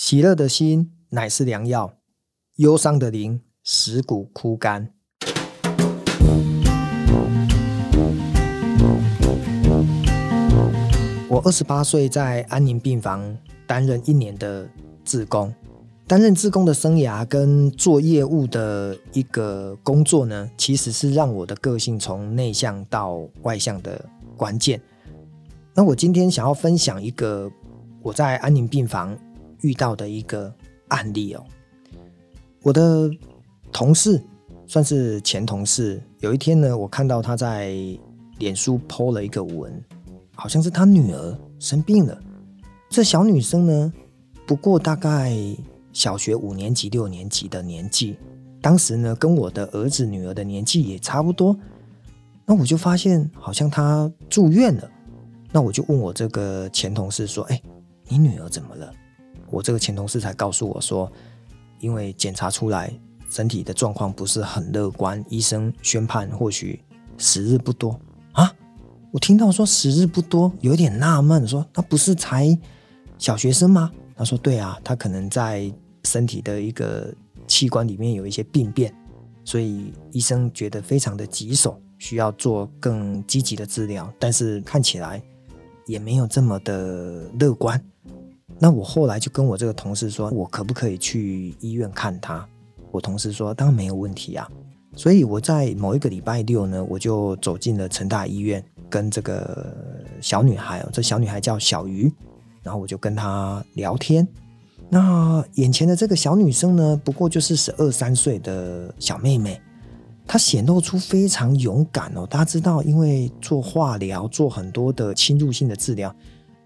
喜樂的心乃是良藥，憂傷的靈使骨枯乾。我二十八歲在安寧病房擔任一年的志工，擔任志工的生涯跟做業務的一個工作呢，其實是讓我的個性從內向到外向的關鍵。那我今天想要分享一個我在安寧病房。遇到的一個案例哦，我的同事算是前同事，有一天呢，我看到他在臉書 PO 了一個文，好像是他女兒生病了。這小女生呢，不過大概小學五年級、六年級的年紀，當時呢，跟我的兒子、女兒的年紀也差不多。那我就發現好像她住院了，那我就問我這個前同事說：“哎，你女兒怎麼了？”我這個前同事才告訴我說，因為檢查出來身體的狀況不是很樂觀，醫生宣判或許時日不多啊。我聽到說時日不多，有點納悶，說他不是才小學生嗎？他說對啊，他可能在身體的一個器官裡面有一些病變，所以醫生覺得非常的棘手，需要做更積極的治療，但是看起來也沒有這麼的樂觀。那我後來就跟我這個同事說，我可不可以去醫院看她？我同事說，當然沒有問題啊。所以我在某一個禮拜六呢，我就走進了成大醫院，跟這個小女孩，哦，這小女孩叫小妤，然後我就跟她聊天。那眼前的這個小女生呢，不過就是十二三歲的小妹妹，她顯露出非常勇敢哦。大家知道，因為做化療，做很多的侵入性的治療。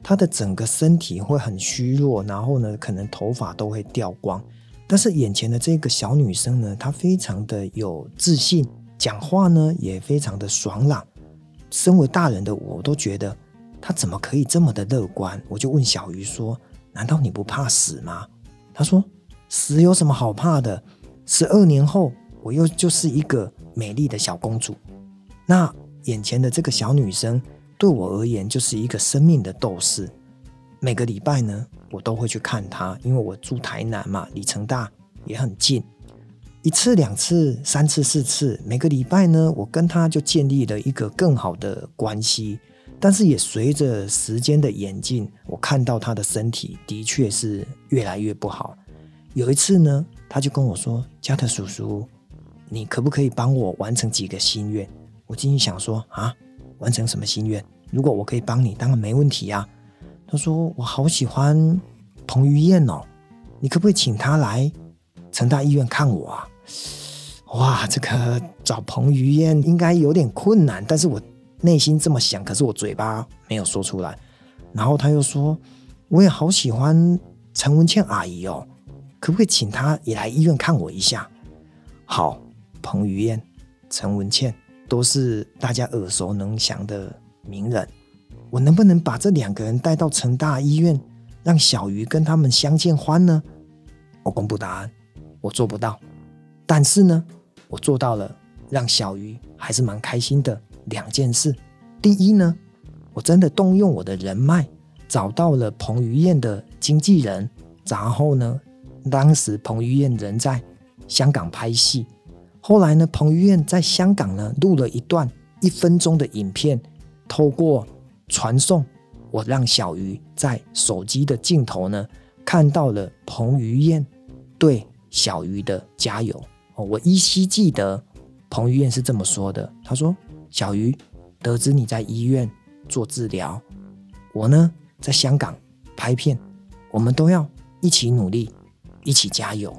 她的整個身體會很虛弱，然後呢，可能頭髮都會掉光。但是眼前的這個小女生呢，她非常的有自信，講話呢也非常的爽朗。身為大人的我都覺得，她怎麼可以這麼的樂觀？我就問小妤說：“難道你不怕死嗎？”她說：“死有什麼好怕的？十二年後，我又就是一個美麗的小公主。”那眼前的這個小女生。對我而言，就是一個生命的鬥士。每個禮拜呢，我都會去看他，因為我住台南嘛，離成大也很近。一次、兩次、三次、四次，每個禮拜呢，我跟他就建立了一個更好的關係。但是也隨着時間的演進，我看到他的身體的確是越來越不好。有一次呢，他就跟我說：“家德叔叔，你可不可以幫我完成幾個心願？”我進去想說啊。完成什麼心願？如果我可以幫你，當然沒問題呀、啊。他說：“我好喜歡彭於晏哦，你可不可以請他來成大醫院看我啊？”哇，這個找彭於晏應該有點困難，但是我內心這麼想，可是我嘴巴沒有說出來。然後他又說：“我也好喜歡陳文茜阿姨哦，可不可以請她也來醫院看我一下？”好，彭於晏，陳文茜。都是大家耳熟能詳的名人，我能不能把這兩個人帶到成大醫院，讓小妤跟他們相見歡呢？我公布答案，我做不到。但是呢，我做到了，讓小妤還是蠻開心的兩件事。第一呢，我真的動用我的人脈，找到了彭於晏的經紀人。然後呢，當時彭於晏人在香港拍戲。後來呢，彭於晏在香港呢錄了一段一分鐘的影片，透過傳送，我讓小妤在手機的鏡頭呢看到了彭於晏對小妤的加油。我依稀記得彭於晏是這麼說的：他說，小妤，得知你在醫院做治療，我呢在香港拍片，我們都要一起努力，一起加油。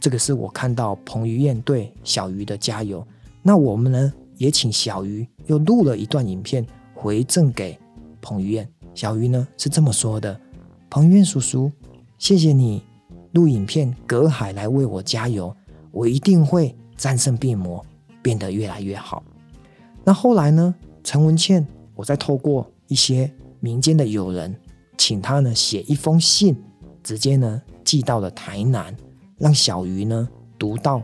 這個是我看到彭於晏對小妤的加油。那我們呢，也請小妤又錄了一段影片回贈給彭於晏。小妤呢是這麼說的：“彭於晏叔叔，謝謝你錄影片隔海來為我加油，我一定會戰勝病魔，變得越來越好。”那後來呢，陳文茜，我再透過一些民間的友人，請他呢寫一封信，直接呢寄到了台南。讓小妤呢讀到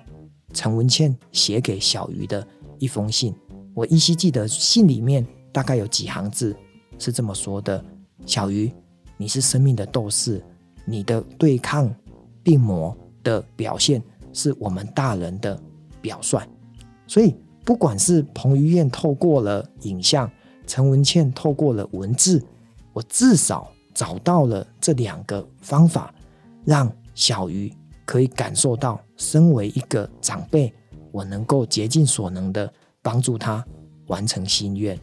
陳文茜寫給小妤的一封信，我依稀記得信裡面大概有幾行字是這麼說的：“小妤，你是生命的鬥士，你的對抗病魔的表現是我們大人的表率。”所以，不管是彭於晏透過了影像，陳文茜透過了文字，我至少找到了這兩個方法，讓小妤。可以感受到，身為一個長輩，我能夠竭盡所能的幫助他完成心願。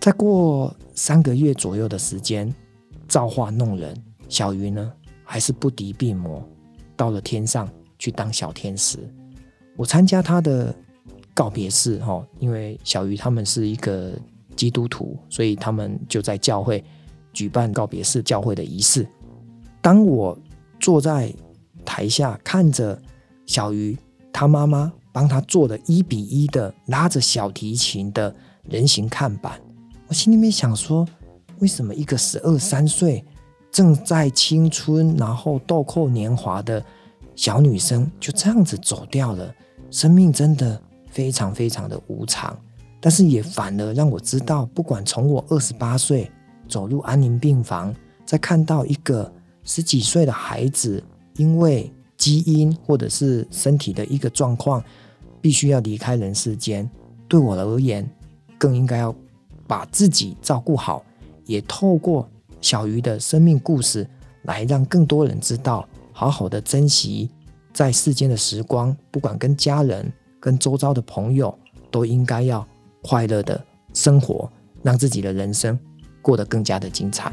再過三個月左右的時間，造化弄人，小妤呢還是不敵病魔，到了天上去當小天使。我參加他的告別式，哈，因為小妤他們是一個基督徒，所以他們就在教會舉辦告別式，教會的儀式。當我坐在。台下看着小妤，他媽媽幫他做了一比一的拉着小提琴的人形看板，我心裡面想說，為什麼一個十二三歲正在青春，然後豆蔻年華的小女生就這樣子走掉了？生命真的非常非常的無常，但是也反而讓我知道，不管從我二十八歲走入安寧病房，再看到一個十幾歲的孩子。因為基因或者是身體的一個狀況，必須要離開人世間。對我而言，更應該要把自己照顧好，也透過小妤的生命故事來讓更多人知道，好好的珍惜在世間的時光。不管跟家人、跟周遭的朋友，都應該要快樂的生活，讓自己的人生過得更加的精彩。